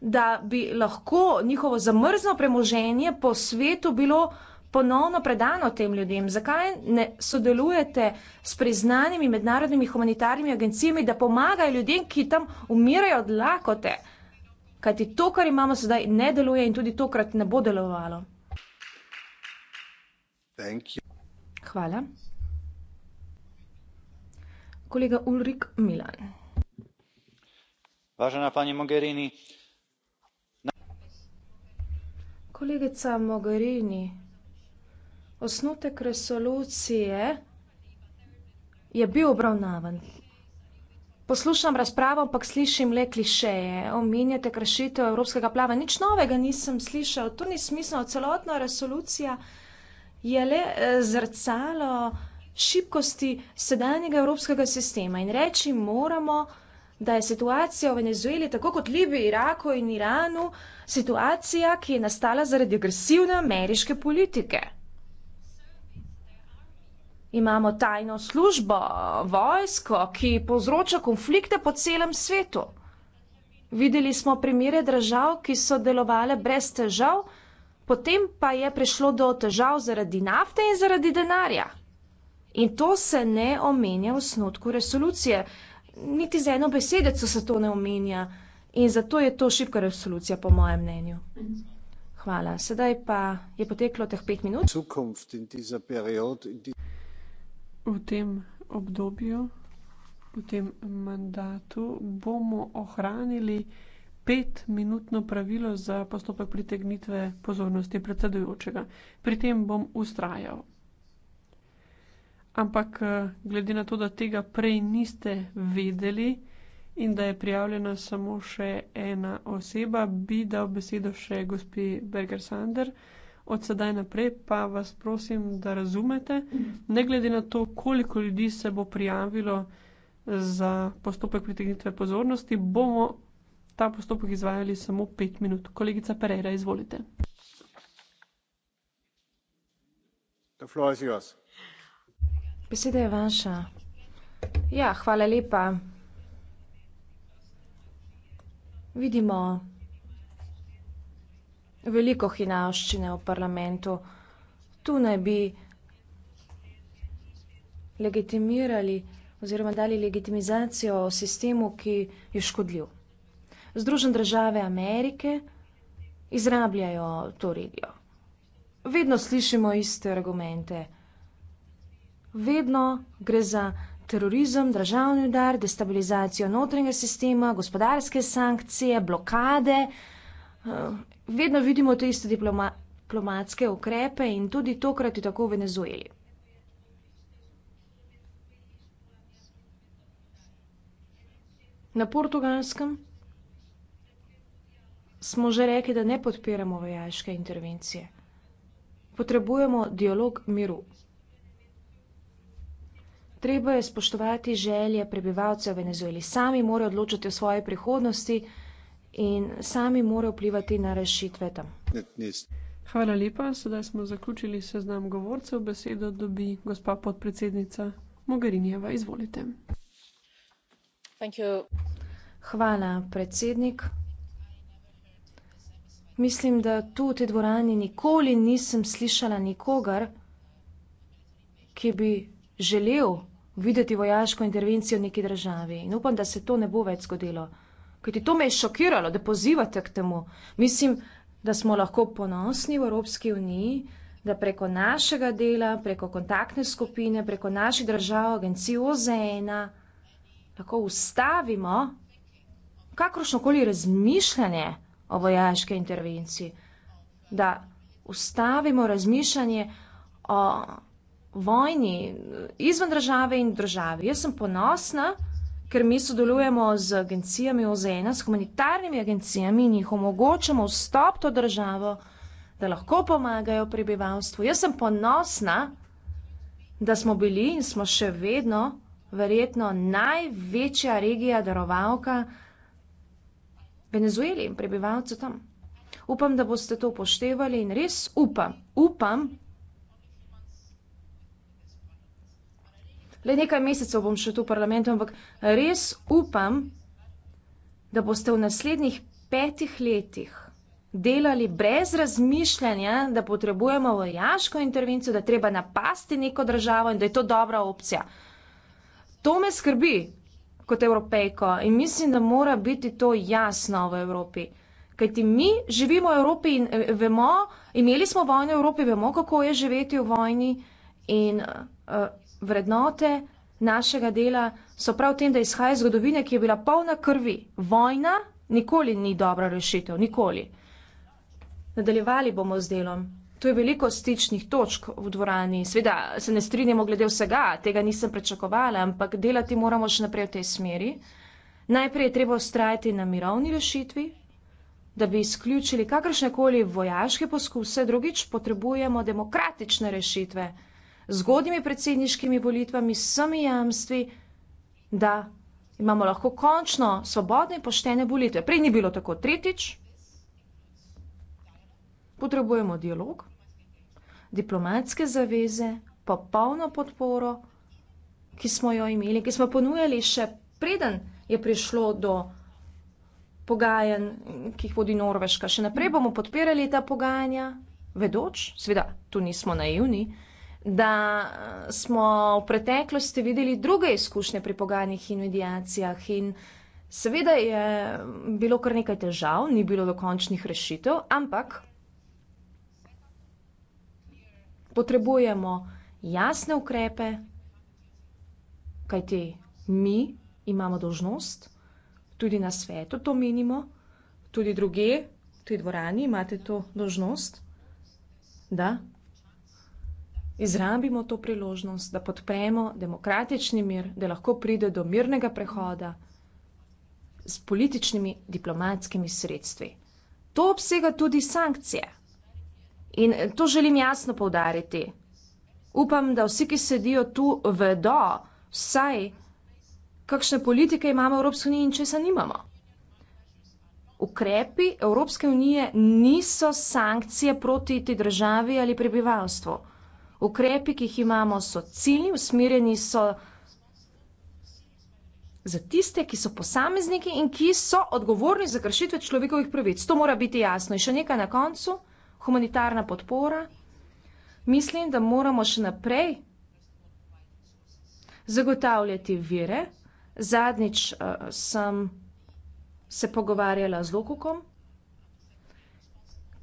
da bi lahko njihovo zamrzno premoženje po svetu bilo ponovno predano tem ljudem? Zakaj ne sodelujete s priznanimi mednarodnimi humanitarnimi agencijami, da pomagajo ljudem, ki tam umirajo od lakote? Kajti to, kar imamo sedaj, ne deluje in tudi tokrat ne bo delovalo. Thank you. Hvala. Kolega Ulrik Milan.
Važena pani Mogherini.
Kolegica Mogherini, osnutek resolucije je bil obravnavan. Poslušam razpravo, ampak slišim le klišeje. Omenjate kršitev evropskega plava. Nič novega nisem slišal. To ni smiselno. Celotna resolucija je le eh, zrcalo šibkosti sedanjega evropskega sistema in reči moramo, da je situacija v Venezueli, tako kot Libiji, Iraku in Iranu, situacija, ki je nastala zaradi agresivne ameriške politike. Imamo tajno službo, vojsko, ki povzroča konflikte po celem svetu. Videli smo primere držav, ki so delovale brez težav, potem pa je prišlo do težav zaradi nafte in zaradi denarja. In to se ne omenja v snotku resolucije. Niti za eno besedico se to ne omenja. In zato je to šipka resolucija, po mojem mnenju. Hvala. Sedaj pa je poteklo teh pet minut. V tem obdobju, v tem
mandatu bomo ohranili petminutno pravilo za postopek pritegnitve pozornosti predsedujočega. Pri tem bom ustrajal. Ampak eh, glede na to, da tega prej niste vedeli in da je prijavljena samo še ena oseba, bi dal besedo še gospi Berger Sander. Od sedaj naprej pa vas prosim, da razumete, ne glede na to, koliko ljudi se bo prijavilo za postopek pritegnitve pozornosti, bomo ta postopek izvajali samo pet minut.
Kolegica Pereira, izvolite. Beseda je vaša. Ja, hvala lepa. Vidimo veliko hinavščine v parlamentu. Tu naj bi legitimirali oziroma dali legitimizacijo sistemu, ki je škodljiv. Združene države Amerike izrabljajo to regijo. Vedno slišimo iste argumente. Vedno gre za terorizem, državni udar, destabilizacijo notranjega sistema, gospodarske sankcije, blokade. Eh, vedno vidimo te iste diploma diplomatske ukrepe in tudi tokrat je tako v Venezueli. Na portugalskem smo že rekli, da ne podpiramo vojaške intervencije. Potrebujemo dialog miru. Treba je spoštovati želje prebivalcev Venezueli. Sami morajo odločiti o svoji prihodnosti in sami morajo vplivati na rešitve tam. Hvala lepa. Sedaj smo zaključili seznam govorcev.
Besedo dobi gospa podpredsednica Mogherinijeva. Izvolite.
Hvala, predsednik. Mislim, da tu v tej dvorani nikoli nisem slišala nikogar, ki bi želel videti vojaško intervencijo v neki državi. In upam, da se to ne bo več zgodilo. Kajti to me je šokiralo, da pozivate k temu. Mislim, da smo lahko ponosni v Evropski uniji, da preko našega dela, preko kontaktne skupine, preko naših držav, agencij OZN, lahko ustavimo kakršnokoli razmišljanje o vojaške intervenciji. Da ustavimo razmišljanje o vojni izven države in države. Jaz sem ponosna, ker mi sodelujemo z agencijami OZN, s humanitarnimi agencijami in jih omogočamo vstop to državo, da lahko pomagajo prebivalstvu. Jaz sem ponosna, da smo bili in smo še vedno verjetno največja regija darovalka Venezueli in prebivalcu tam. Upam, da boste to poštevali in res upam, upam. Le nekaj mesecev bom še tu v parlamentu, ampak res upam, da boste v naslednjih petih letih delali brez razmišljanja, da potrebujemo vojaško intervencijo, da treba napasti neko državo in da je to dobra opcija. To me skrbi kot evropejko. In mislim, da mora biti to jasno v Evropi. Kaj ti mi živimo v Evropi in eh, vemo, imeli smo vojno v Evropi, vemo, kako je živeti v vojni in uh, vrednote našega dela so prav tem, da izhaja iz zgodovine, ki je bila polna krvi. Vojna nikoli ni dobra rešitev, nikoli. Nadaljevali bomo z delom. Tu je veliko stičnih točk v dvorani. Sveda se ne strinjamo glede vsega, tega nisem prečakovala, ampak delati moramo še naprej v tej smeri. Najprej je treba ustrajati na mirovni rešitvi, da bi izključili kakršne koli vojaške poskuse, drugič potrebujemo demokratične rešitve z zgodnjimi predsedniškimi volitvami, s vsemi jamstvi, da imamo lahko končno svobodne in poštene volitve. Prej ni bilo tako tretjič. Potrebujemo dialog, diplomatske zaveze, pa polno podporo, ki smo jo imeli, ki smo ponujali še preden je prišlo do pogajanj, ki jih vodi Norveška. Še naprej bomo podpirali ta pogajanja, vedoč, seveda, tu nismo naivni, da eh, smo v preteklosti videli druge izkušnje pri pogajanjih in medijacijah in seveda je bilo kar nekaj težav, ni bilo dokončnih rešitev, ampak potrebujemo jasne ukrepe, kajti mi imamo dožnost, tudi na svetu to menimo, tudi druge v tej dvorani imate to dožnost, da izrabimo to priložnost, da podpremo demokratični mir, da lahko pride do mirnega prehoda s političnimi diplomatskimi sredstvi. To obsega tudi sankcije. In to želim jasno povdariti. Upam, da vsi, ki sedijo tu, vedo vsaj, kakšne politike imamo v Evropski uniji in če se nimamo. Ukrepi Evropske unije niso sankcije proti ti državi ali prebivalstvu. Ukrepi, ki jih imamo, so cilji, usmirjeni so za tiste, ki so posamezniki in ki so odgovorni za kršitve človekovih pravic. To mora biti jasno. In še nekaj na koncu humanitarna podpora, mislim, da moramo še naprej zagotavljati vire. Zadnjič uh, sem se pogovarjala z Lukukom,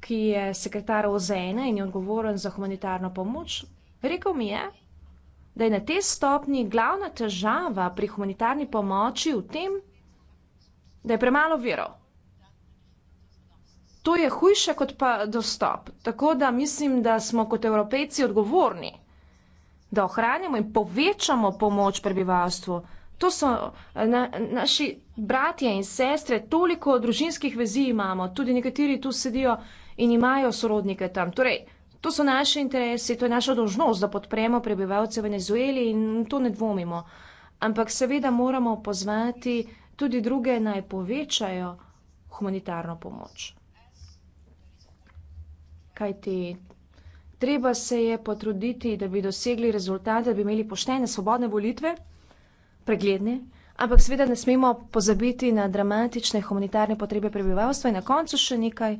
ki je sekretar OZN in je odgovoren za humanitarno pomoč. Rekl mi je, da je na tej stopni glavna težava pri humanitarni pomoči v tem, da je premalo virov to je hujše kot pa dostop. Tako da mislim, da smo kot evropejci odgovorni, da ohranjamo in povečamo pomoč prebivalstvu. To so eh, na, naši bratje in sestre, toliko družinskih vezi imamo, tudi nekateri tu sedijo in imajo sorodnike tam. Torej, to so naše interesi, to je naša dožnost, da podpremo prebivalce Venezueli in to ne dvomimo. Ampak seveda moramo pozvati tudi druge naj povečajo humanitarno pomoč kajti treba se je potruditi, da bi dosegli rezultate, da bi imeli poštene, svobodne volitve, pregledne, ampak seveda ne smemo pozabiti na dramatične humanitarne potrebe prebivalstva in na koncu še nekaj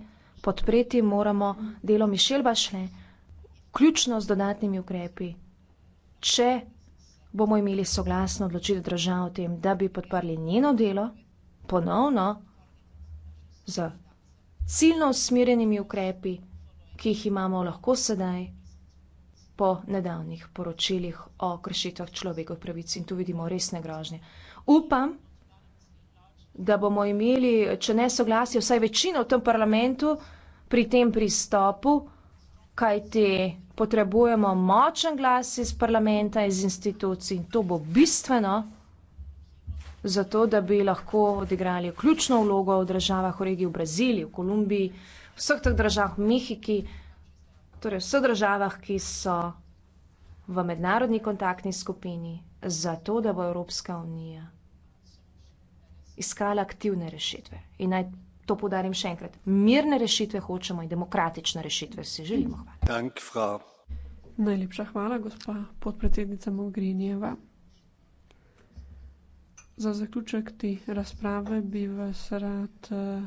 podpreti moramo delo Mišel Bašle, ključno z dodatnimi ukrepi, če bomo imeli soglasno odločitev držav o tem, da bi podprli njeno delo, ponovno z ciljno usmerjenimi ukrepi ki jih imamo lahko sedaj po nedavnih poročilih o kršitvah človekovih pravic in tu vidimo resne grožnje. Upam, da bomo imeli, če ne soglasje, vsaj večino v tem parlamentu pri tem pristopu, kajti potrebujemo močen glas iz parlamenta, iz institucij in to bo bistveno za to, da bi lahko odigrali ključno vlogo v državah v regiji, v Braziliji, v Kolumbiji, vseh teh državah, Mehiki, torej v vseh državah, ki so v mednarodni kontaktni skupini, zato da bo Evropska unija iskala aktivne rešitve. In naj to podarim še enkrat. Mirne rešitve hočemo in demokratične rešitve si želimo. Dank, Najlepša hvala,
gospa podpredsednica Mogrinjeva. Za zaključek te razprave bi vas rad eh,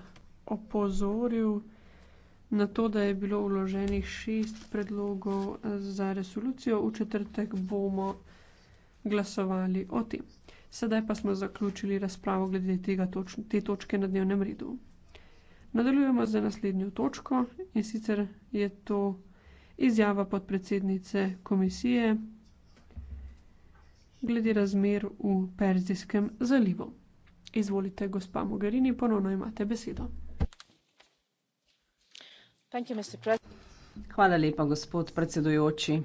opozoril. Na to, da je bilo vloženih šest predlogov eh, za resolucijo, v četrtek bomo glasovali o tem. Sedaj pa smo zaključili razpravo glede tega toč te točke na dnevnem redu. Nadaljujemo z naslednjo točko in sicer je to izjava podpredsednice komisije glede razmer v Perzijskem zalivu. Izvolite, gospa Mogherini, ponovno imate besedo.
Hvala lepa, gospod predsedujoči.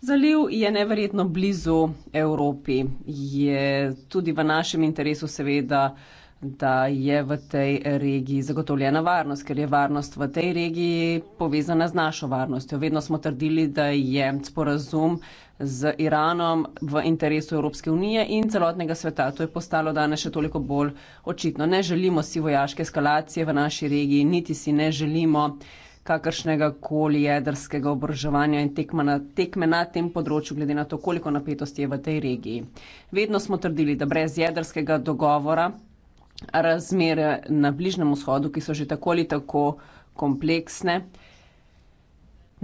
Zaliv je neverjetno blizu Evropi, je tudi v našem interesu seveda uh, da je v tej regiji zagotovljena varnost, ker je varnost v tej regiji povezana z našo varnostjo. Vedno smo trdili, da je sporazum z Iranom v interesu Evropske unije in celotnega sveta. To je postalo danes še toliko bolj očitno. Ne želimo si vojaške eskalacije v naši regiji, niti si ne želimo kakršnega koli jedrskega obroževanja in tekme na, tekme na tem področju, glede na to, koliko napetosti je v tej regiji. Vedno smo trdili, da brez jedrskega dogovora razmere na Bližnem vzhodu, ki so že tako ali tako kompleksne,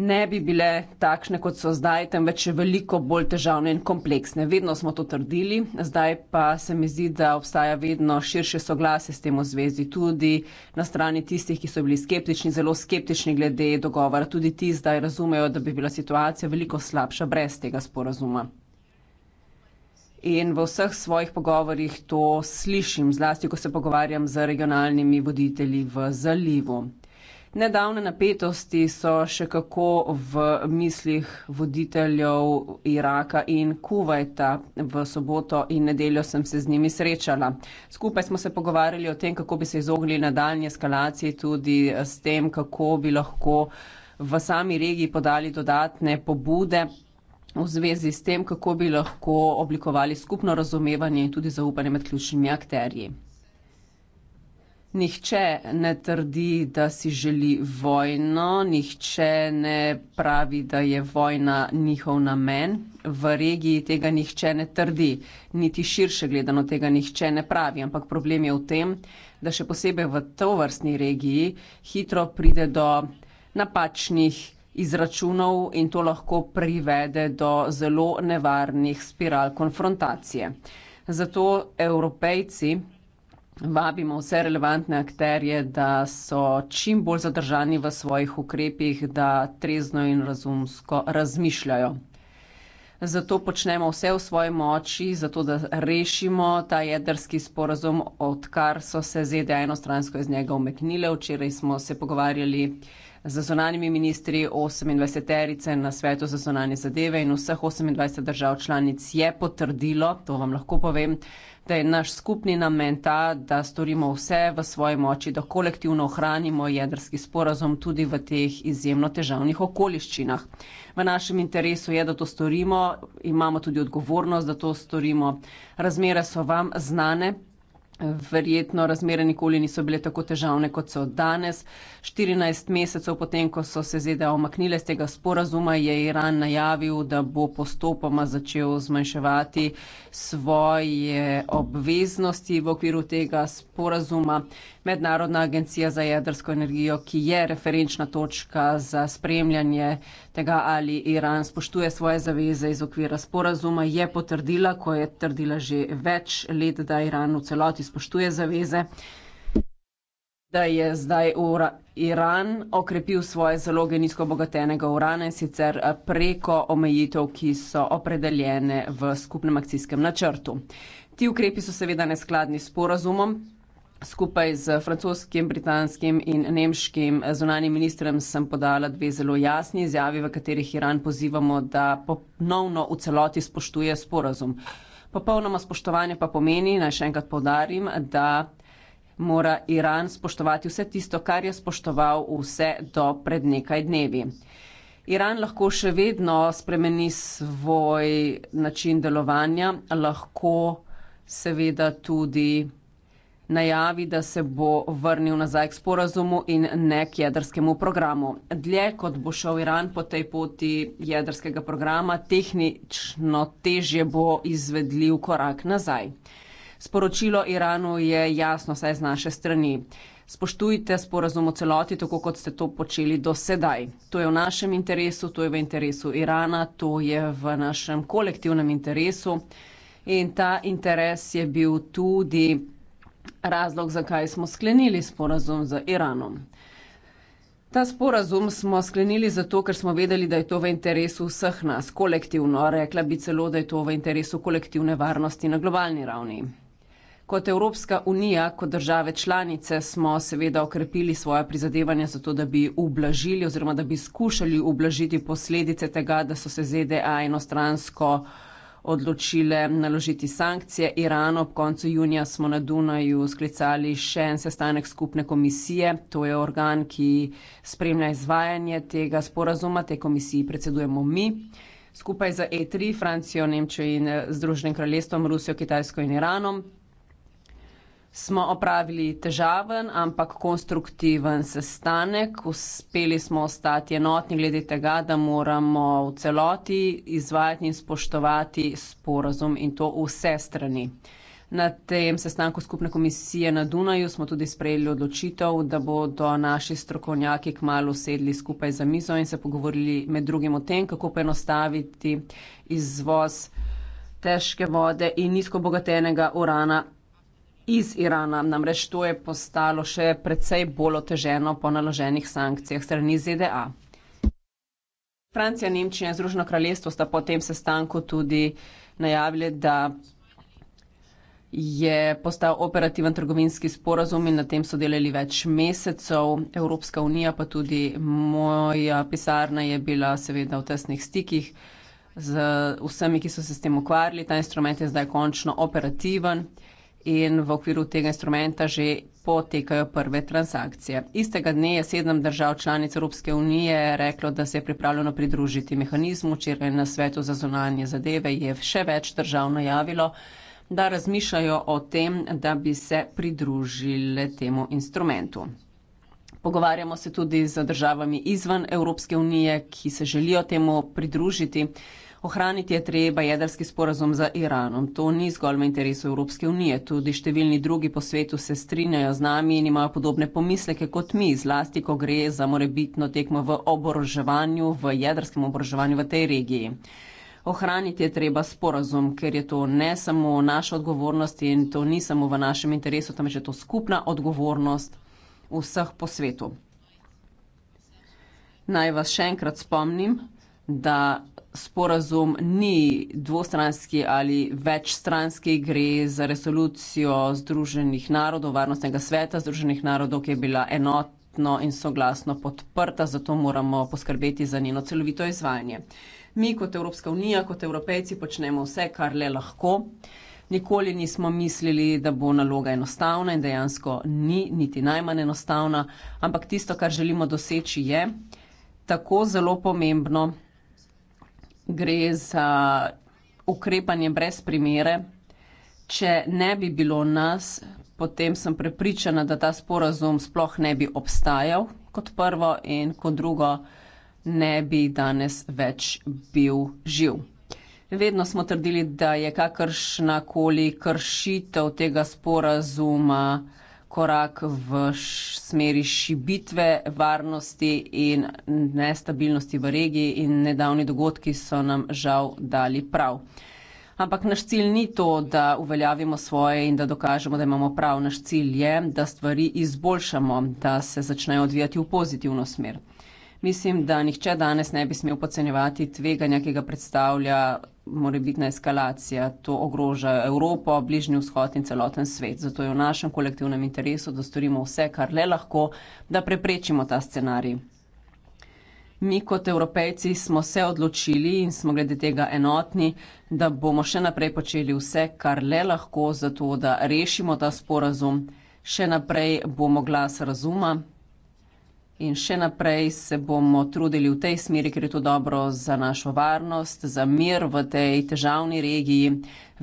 ne bi bile takšne, kot so zdaj, temveč še veliko bolj težavne in kompleksne. Vedno smo to trdili, zdaj pa se mi zdi, da obstaja vedno širše soglase s tem v zvezi, tudi na strani tistih, ki so bili skeptični, zelo skeptični glede dogovora, tudi ti zdaj razumejo, da bi bila situacija veliko slabša brez tega sporazuma in v vseh svojih pogovorjih to slišim, zlasti ko se pogovarjam z regionalnimi voditelji v zalivu. Nedavne napetosti so še kako v mislih voditeljev Iraka in Kuvajta. V soboto in nedeljo sem se z njimi srečala. Skupaj smo se pogovarjali o tem, kako bi se izognili nadaljni eskalaciji, tudi s tem, kako bi lahko v sami regiji podali dodatne pobude v zvezi s tem, kako bi lahko oblikovali skupno razumevanje in tudi zaupanje med ključnimi akterji. Nihče ne trdi, da si želi vojno, nihče ne pravi, da je vojna njihov namen. V regiji tega nihče ne trdi, niti širše gledano tega nihče ne pravi, ampak problem je v tem, da še posebej v to vrstni regiji hitro pride do napačnih izračunov in to lahko privede do zelo nevarnih spiral konfrontacije. Zato evropejci vabimo vse relevantne akterje, da so čim bolj zadržani v svojih ukrepih, da trezno in razumsko razmišljajo. Zato počnemo vse v svoji moči, zato da rešimo ta jedrski sporazum, odkar so se ZDA enostransko iz njega omeknile. Včeraj smo se pogovarjali z zonanimi ministri 28-terice na svetu za zonanje zadeve in vseh 28 držav članic je potrdilo, to vam lahko povem, da je naš skupni namen ta, da storimo vse v svoji moči, da kolektivno ohranimo jedrski sporazum tudi v teh izjemno težavnih okoliščinah. V našem interesu je, da to storimo, imamo tudi odgovornost, da to storimo. Razmere so vam znane. Verjetno razmere nikoli niso bile tako težavne, kot so danes. 14 mesecev potem, ko so se ZDA omaknile z tega sporazuma, je Iran najavil, da bo postopoma začel zmanjševati svoje obveznosti v okviru tega sporazuma. Mednarodna agencija za jedrsko energijo, ki je referenčna točka za spremljanje tega, ali Iran spoštuje svoje zaveze iz okvira sporazuma, je potrdila, ko je trdila že več let, da Iran v celoti spoštuje zaveze da je zdaj ura. Iran okrepil svoje zaloge nizko bogatenega urana in sicer eh, preko omejitev, ki so opredeljene v skupnem akcijskem načrtu. Ti ukrepi so seveda neskladni s porazumom. Skupaj z francoskim, britanskim in nemškim eh, zunanim ministrem sem podala dve zelo jasni izjavi, v katerih Iran pozivamo, da ponovno v celoti spoštuje sporazum. Popolnoma spoštovanje pa pomeni, naj še enkrat povdarim, da mora Iran spoštovati vse tisto, kar je spoštoval vse do pred nekaj dnevi. Iran lahko še vedno spremeni svoj način delovanja, lahko seveda tudi najavi, da se bo vrnil nazaj k sporazumu in ne k jedrskemu programu. Dlje kot bo šel Iran po tej poti jedrskega programa, tehnično težje bo izvedljiv korak nazaj. Sporočilo Iranu je jasno, saj z naše strani. Spoštujte sporazum o celoti, tako kot ste to počeli do sedaj. To je v našem interesu, to je v interesu Irana, to je v našem kolektivnem interesu. In ta interes je bil tudi razlog, zakaj smo sklenili sporazum z Iranom. Ta sporazum smo sklenili zato, ker smo vedeli, da je to v interesu vseh nas, kolektivno. Rekla bi celo, da je to v interesu kolektivne varnosti na globalni ravni. Kot Evropska unija, kot države članice smo seveda okrepili svoje prizadevanja za to, da bi ublažili oziroma da bi skušali ublažiti posledice tega, da so se ZDA enostransko odločile naložiti sankcije. Irano ob koncu junija smo na Dunaju sklicali še en sestanek skupne komisije. To je organ, ki spremlja izvajanje tega sporazuma. Te komisiji predsedujemo mi. Skupaj za E3, Francijo, Nemčijo in Združenim kraljestvom, Rusijo, Kitajsko in Iranom smo opravili težaven, ampak konstruktiven sestanek. Uspeli smo ostati enotni glede tega, da moramo v celoti izvajati in spoštovati sporazum in to vse strani. Na tem sestanku skupne komisije na Dunaju smo tudi sprejeli odločitev, da bodo naši strokovnjaki kmalo sedli skupaj za mizo in se pogovorili med drugim o tem, kako poenostaviti izvoz težke vode in nizkobogatenega urana iz Irana. Namreč to je postalo še precej bolj oteženo po naloženih sankcijah strani ZDA. Francija, Nemčija in Združeno kraljestvo sta po tem sestanku tudi najavili, da je postal operativen trgovinski sporazum in na tem so delali več mesecev. Evropska unija pa tudi moja pisarna je bila seveda v tesnih stikih z vsemi, ki so se s tem ukvarjali. Ta instrument je zdaj končno operativen in v okviru tega instrumenta že potekajo prve transakcije. Istega dne je sedem držav članic Evropske unije reklo, da se je pripravljeno pridružiti mehanizmu, včeraj na svetu za zonanje zadeve je še več držav najavilo, da razmišljajo o tem, da bi se pridružile temu instrumentu. Pogovarjamo se tudi z državami izven Evropske unije, ki se želijo temu pridružiti. Ohraniti je treba jedrski sporazum z Iranom. To ni zgolj v interesu Evropske unije. Tudi številni drugi po svetu se strinjajo z nami in imajo podobne pomisleke kot mi, zlasti, ko gre za morebitno tekmo v oboroževanju, v jedrskem oboroževanju v tej regiji. Ohraniti je treba sporazum, ker je to ne samo naša odgovornost in to ni samo v našem interesu, tam je že to skupna odgovornost vseh po svetu. Naj vas še enkrat spomnim, da sporazum ni dvostranski ali večstranski, gre za resolucijo Združenih narodov, Varnostnega sveta Združenih narodov, ki je bila enotno in soglasno podprta, zato moramo poskrbeti za njeno celovito izvajanje. Mi kot Evropska unija, kot evropejci počnemo vse, kar le lahko. Nikoli nismo mislili, da bo naloga enostavna in dejansko ni niti najmanj enostavna, ampak tisto, kar želimo doseči, je tako zelo pomembno. Gre za ukrepanje brez primere. Če ne bi bilo nas, potem sem prepričana, da ta sporazum sploh ne bi obstajal kot prvo in kot drugo ne bi danes več bil živ. Vedno smo trdili, da je kakršna koli kršitev tega sporazuma korak v smeri šibitve varnosti in nestabilnosti v regiji in nedavni dogodki so nam žal dali prav. Ampak naš cilj ni to, da uveljavimo svoje in da dokažemo, da imamo prav. Naš cilj je, da stvari izboljšamo, da se začnejo odvijati v pozitivno smer. Mislim, da nihče danes ne bi smel podcenjevati tveganja, ki ga predstavlja morebitna eskalacija, to ogroža Evropo, Bližnji vzhod in celoten svet. Zato je v našem kolektivnem interesu, da storimo vse, kar le lahko, da preprečimo ta scenarij. Mi kot evropejci smo se odločili in smo glede tega enotni, da bomo še naprej počeli vse, kar le lahko, zato da rešimo ta sporazum. Še naprej bomo glas razuma, In še naprej se bomo trudili v tej smeri, ker je to dobro za našo varnost, za mir v tej težavni regiji.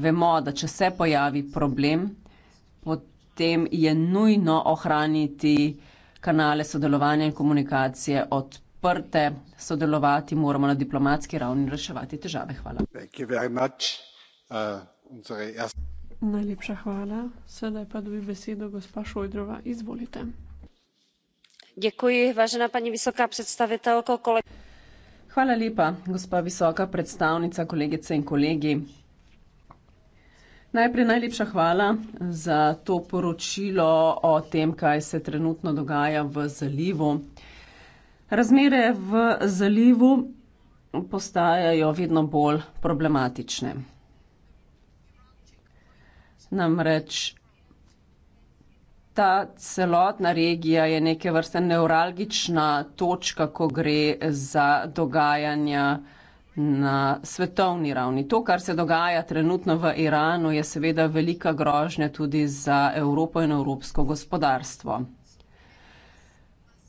Vemo, da če se pojavi problem, potem je nujno ohraniti kanale sodelovanja in komunikacije odprte, sodelovati moramo na diplomatski ravni in reševati težave. Hvala.
Uh, Najlepša hvala. Sedaj pa dobi besedo gospa Šojdrova. Izvolite.
Hvala lepa, gospa visoka predstavnica, kolegice in kolegi. Najprej najlepša hvala za to poročilo o tem, kaj se trenutno dogaja v zalivu. Razmere v zalivu postajajo vedno bolj problematične. Namreč Ta celotna regija je neke vrste neuralgična točka, ko gre za dogajanja na svetovni ravni. To, kar se dogaja trenutno v Iranu, je seveda velika grožnja tudi za Evropo in evropsko gospodarstvo.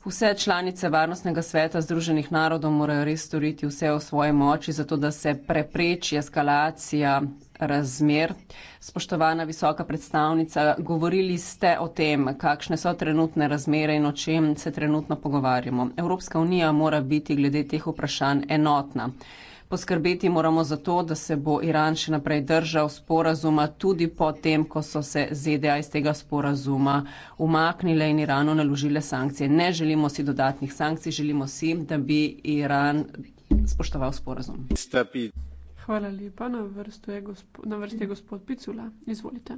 Vse članice Varnostnega sveta Združenih narodov morajo res storiti vse v svoji moči, zato da se prepreči eskalacija razmer. Spoštovana visoka predstavnica, govorili ste o tem, kakšne so trenutne razmere in o čem se trenutno pogovarjamo. Evropska unija mora biti glede teh vprašanj enotna. Poskrbeti moramo za to, da se bo Iran še naprej držal sporazuma, tudi potem, ko so se ZDA iz tega sporazuma umaknile in Iranu naložile sankcije. Ne želimo si dodatnih sankcij, želimo si, da bi Iran spoštoval sporazum.
Hvala lepa. Na, je gospo, na vrsti je gospod Picula. Izvolite.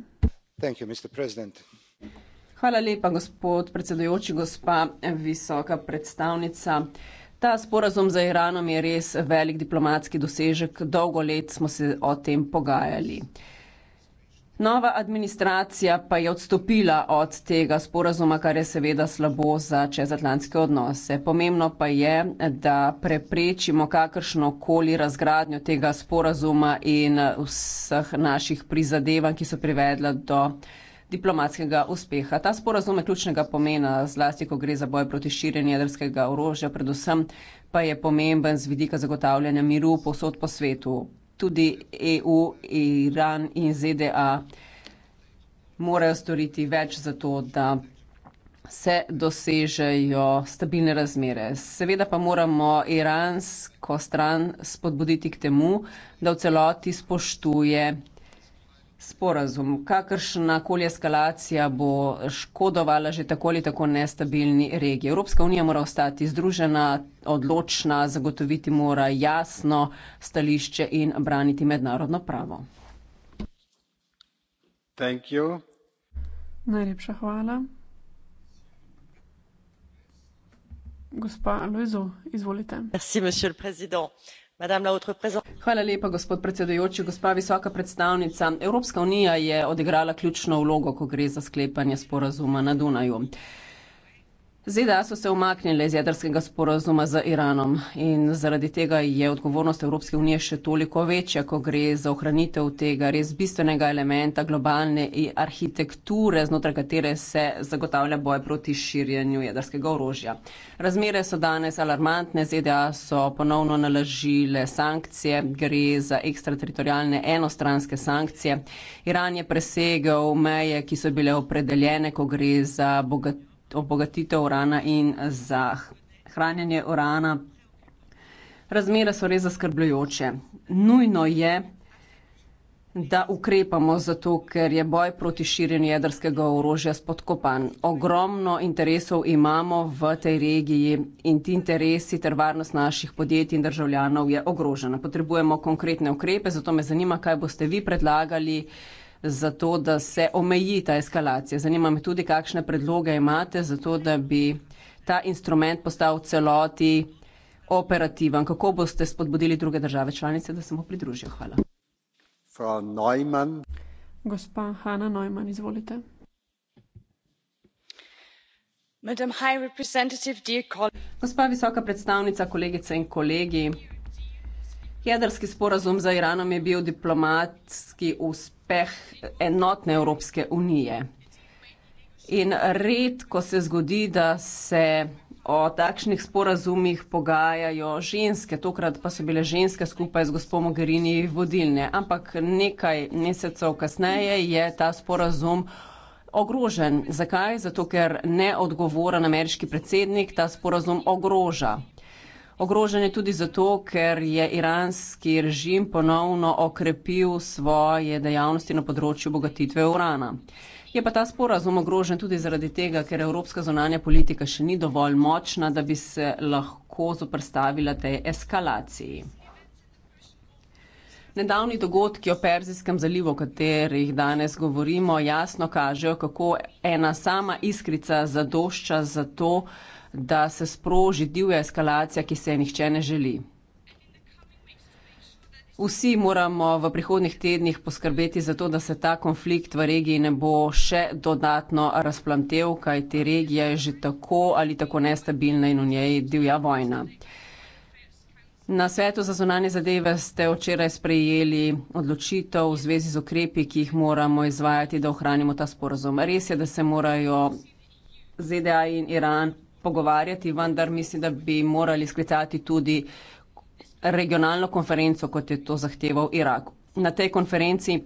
Thank you, Mr.
Hvala lepa, gospod predsedujoči, gospa visoka predstavnica. Ta sporazum za Iranom je res velik diplomatski dosežek, dolgo let smo se o tem pogajali. Nova administracija pa je odstopila od tega sporazuma, kar je seveda slabo za čezatlantske odnose. Pomembno pa je, da preprečimo kakršno koli razgradnjo tega sporazuma in vseh naših prizadevanj, ki so privedla do diplomatskega uspeha. Ta sporazum je ključnega pomena, zlasti ko gre za boj proti širjenju jedrskega orožja, predvsem pa je pomemben z vidika zagotavljanja miru posod po svetu. Tudi EU, Iran in ZDA morajo storiti več za to, da se dosežejo stabilne razmere. Seveda pa moramo iransko stran spodbuditi k temu, da v celoti spoštuje sporazum. Kakršna koli eskalacija bo škodovala že tako ali tako nestabilni regiji. Evropska unija mora ostati združena, odločna, zagotoviti mora jasno stališče in braniti mednarodno pravo. Najlepša hvala.
Gospa Aloizo, izvolite.
Merci, Hvala lepa, gospod predsedujoči, gospa visoka predstavnica. Evropska unija je odigrala ključno vlogo, ko gre za sklepanje sporazuma na Dunaju. ZDA so se umaknile iz jedrskega sporazuma z Iranom in zaradi tega je odgovornost Evropske unije še toliko večja, ko gre za ohranitev tega res bistvenega elementa globalne arhitekture, znotraj katere se zagotavlja boj proti širjenju jedrskega orožja. Razmere so danes alarmantne, ZDA so ponovno naložile sankcije, gre za ekstrateritorijalne enostranske sankcije. Iran je presegel meje, ki so bile opredeljene, ko gre za bogatstvo obogatitev urana in za hranjenje urana. Razmere so res zaskrbljujoče. Nujno je, da ukrepamo zato, ker je boj proti širjenju jedrskega orožja spodkopan. Ogromno interesov imamo v tej regiji in ti interesi ter varnost naših podjetij in državljanov je ogrožena. Potrebujemo konkretne ukrepe, zato me zanima, kaj boste vi predlagali za to, da se omeji ta eskalacija. Zanima me tudi, kakšne predloge imate za to, da bi ta instrument postal v celoti operativen. Kako boste spodbudili druge države članice, da se mu pridružijo? Hvala. Gospa Hanna Neumann, izvolite. Gospa visoka predstavnica, kolegice in kolegi. Jedrski sporazum za Iranom je bil diplomatski uspeh enotne Evropske unije. In redko se zgodi, da se o takšnih sporazumih pogajajo ženske, tokrat pa so bile ženske skupaj z gospod Mogherini vodilne. Ampak nekaj mesecev kasneje je ta sporazum ogrožen. Zakaj? Zato, ker neodgovoren ameriški predsednik ta sporazum ogroža. Ogrožen je tudi zato, ker je iranski režim ponovno okrepil svoje dejavnosti na področju bogatitve urana. Je pa ta sporazum ogrožen tudi zaradi tega, ker evropska zonanja politika še ni dovolj močna, da bi se lahko zoprstavila tej eskalaciji. Nedavni dogodki o Perzijskem zalivu, o katerih danes govorimo, jasno kažejo, kako ena sama iskrica zadošča za to, da se sproži divja eskalacija, ki se je nihče ne želi. Vsi moramo v prihodnih tednih poskrbeti za to, da se ta konflikt v regiji ne bo še dodatno razplamtev, kajti regija je že tako ali tako nestabilna in v njej divja vojna. Na svetu za zunanje zadeve ste včeraj sprejeli odločitev v zvezi z ukrepi, ki jih moramo izvajati, da ohranimo ta sporozum. Res je, da se morajo ZDA in Iran pogovarjati, vendar mislim, da bi morali sklicati tudi regionalno konferenco, kot je to zahteval Irak. Na tej konferenci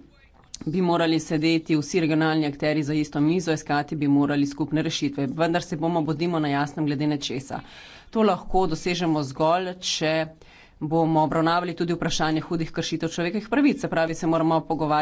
bi morali sedeti vsi regionalni akteri za isto mizo, iskati bi morali skupne rešitve. Vendar se bomo, bodimo na jasnem glede nečesa. To lahko dosežemo zgolj, če bomo obravnavali tudi vprašanje hudih kršitev človekovih pravic. Se pravi, se moramo pogovarjati.